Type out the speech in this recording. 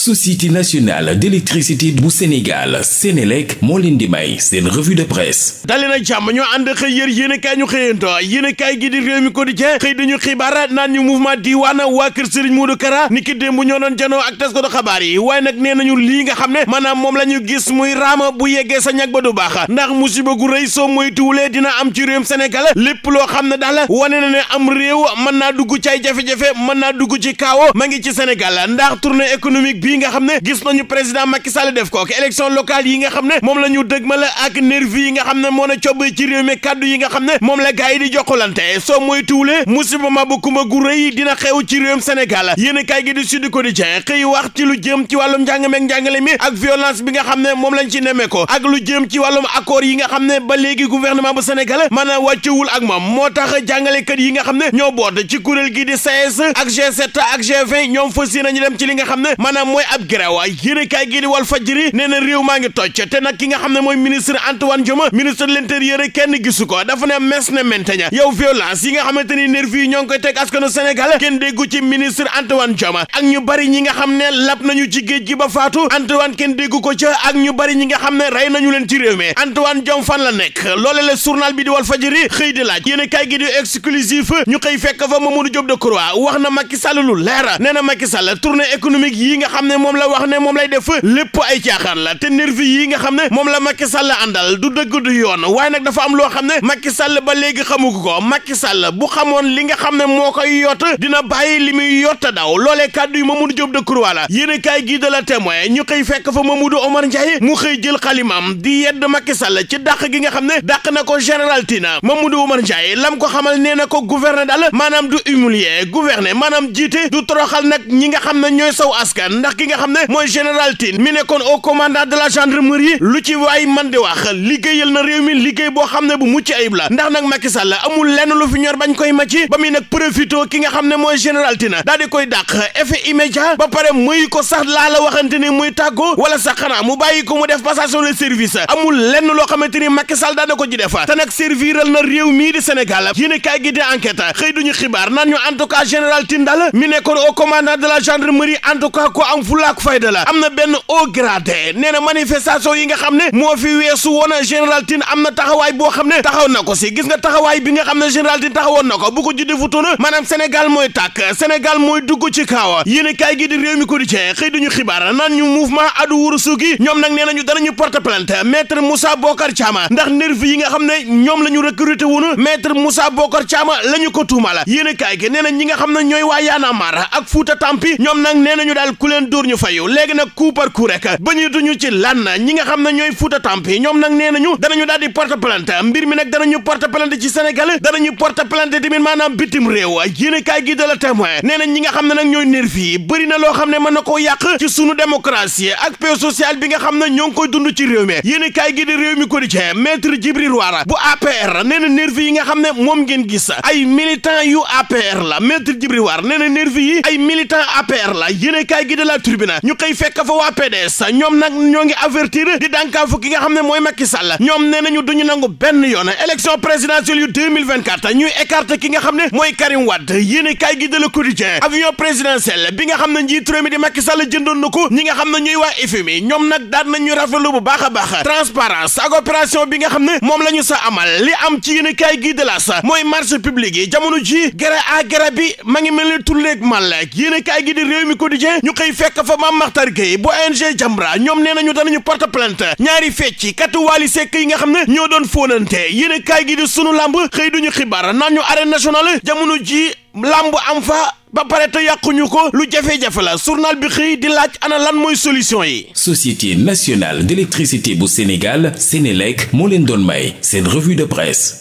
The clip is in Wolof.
société nationale d'électricité bu Sénégal Sénélec moo leen di may seen revue de presse dali na jàmm ñoo ànd xëy yër kaa ñu xëyanto yéenekaay gi di réew mi quotidien xëy dañu xibaara naan ñu ma diwaana waa kër Serigne Modou Kara ni ki démb ñoo doon janoo ak tas ko do xabaar yi waaye nag nee nañu lii nga xam ne maanaam moom la ñu gis muy raama bu yeggee sa ñag ba du baax ndax musiba gu rëy soo mooy tuulee dina am ci réewum Sénégal lépp loo xam ne daal wane na ne am mën naa dugg ci ay jafe mën naa dugg ci kaawo ma ngi ci Sénégal ndax tournée économique bi bii nga xam ne gis nañu président Macky Sall def ko ak élection yi nga xam ne moom la ñu dëgmal ak nervi yi nga xam ne moom la gars yi di jokkalante soo mooy tuule musiba ma bu kumba gu rëy dina xew ci réewum Sénégal yéen a kaay gi di Sud ko xëy wax ci lu jëm ci wàllum njàng meeg njàngale mi ak violence bi nga xam ne moom lañ ci nemmee ko ak lu jëm ci wàllum accord yi nga xam ne ba léegi gouvernement bu Sénégal maanaam wàccewul ak moom moo tax jàngalekat yi nga xam ne ñoo boot ci kuréel gi di 16 e ñoom fas yéene nañu dem ci li nga xam ne mooy ab grève yéene kaay gi di wal fajri nee na réew maa ngi toj te nag ki nga xam ne mooy ministre Antoine Diome ministre de l'intérieur kenn gisu ko dafa ne mes ne mentaña yow violence yi nga xamante ni nervi ñoo koy teg askanu Sénégal kenn déggu ci ministre Antoine Diome ak ñu bari ñi nga xam ne lap nañu ci géej gi ba faatu Antoine kenn déggu ko ca ak ñu bari ñi nga xam ne rey nañu leen ci réew mi Antoine Diome fan la nekk loole la journal bi di wal fajri xëy di laaj yéene ne moom la wax ne moom lay def lépp ay caaxaan la te nervi yi nga xam ne moom la Macky Sall àndal du dëgg du yoon waaye nag dafa am loo xam ne Macky Sall ba léegi xamu ko Macky Sall bu xamoon li nga xam ne moo koy yott dina bàyyi limu muy yotta daw loole kàddu yi Mamadou Diop Decroix la yéen a kaay gii de la témoin ñu xëy fekk fa ma mu Mamadou Omar Ndiaye mu xëy jël xalimam di yedd Macky Sall ci dàq gi nga xam ne dàq na ko général Tine Mamadou Omar Ndiaye lam ko xamal nee na ko gouverner daal maanaam du humilier gouverner maanaam jiite du toroxal nag ñi nga xam ne ñooy saw askan ndax ki nga xam ne mooy général Tine mi nekkoon au commandant de la gendarmerie lu ci waay man na réew mi liggéey boo xam ne bu mucc ayib la ndax nag Macky Sall lenn lu fi ñor koy màcc ba muy ki nga xam ne mooy général Tine daal di koy dàq effet immédiat ba pare muy ko sax laa la waxante ni muy tàggoo wala sax xanaa mu bàyyi ko mu def passation de service amul lenn loo xamante ni Macky Sall daal na ko ci def te nag serviral na réew ñu en tout cas général Tine daal mi nekkoon au la gendarmerie en tout cas ko fulaak fayda la am na benn haut gradé nee yi nga xam ne moo fi weesu woon général Tine am na taxawaay boo xam ne taxaw na ko si gis nga taxawaay bi nga xam ne général Tine taxawoon na ko bu ko juddi futuna maanaam Sénégal mooy tàkk Sénégal mooy dugg ci kaawa yéen a kaay gi di réew mi ko di cee xëy duñu xibaar naan ñu mouvement adu wuru suugi ñoom nag nee nañu danañu porte plainte maître Moussa Bokar Thiam ndax nervi yi nga xam ne ñoom la ñu recruté wuñu maître Moussa Bokar Thiam la ñu ko tuumala yéen a kaay gi na ñi nga xam ne ñooy waa Yaana Mara ak Fouta Tampi ñoom jour ñu fayu léegi nag coup par coup rek ba ñu duñu ci lan ñi nga xam ne ñooy Fouta Tampi ñoom nag nee nañu danañu daal di porte plainte mbir mi nag danañu porte plainte ci Sénégal danañu porte plainte tamit maanaam bitim réew yéen na ñi nga yi bëri na loo xam ne mën na koo yàq ci sunu démocratie ak paix sociale bi nga xam ne ñoo koy dund ci réew mi yéen kaay gi de réew mi quotidien maître Djibril Wara bu APR nee na nervi yi nga xam ne moom ngeen gis ay militant tribunal ñu xëy fekk fa waa PDS ñoom nag ñoo ngi avertir nga xam ne mooy Macky Sall ñoom nee nañu duñu nangu benn yoon élection présidentielle yu 2024 ñuy nga xam ne mooy Karim Wade yéene kaay gi de Le Quotidien avion présidentiel bi nga xam ne njiit réew mi di Macky Sall jëndoon na ko ñi nga xam ne ñuy waa FMI ñoom nag daan nañu rafetlu bu baax a baax transparence ak opération bi nga xam ne la ñu sa amal li mooy marché public yi ji gré à gré bi ma ngi mel ni gi di réew fekk fa Mame Makhtar Gueye bu ONG Jamra ñoom nee nañu danañu porte plainte ñaari fecci katu Wally Seck yi nga xam ne ñoo doon fóonante yéen kaay gi di sunu lamb xëy duñu xibaar naan ñu arène nationale jamono ji lamb am fa ba pare te yàquñu ko lu jafe-jafe la journal bi xëy di laaj ana lan mooy solution yi. Société nationale d'électricité bu Sénégal Sénélec moo leen doon may seen revue de presse.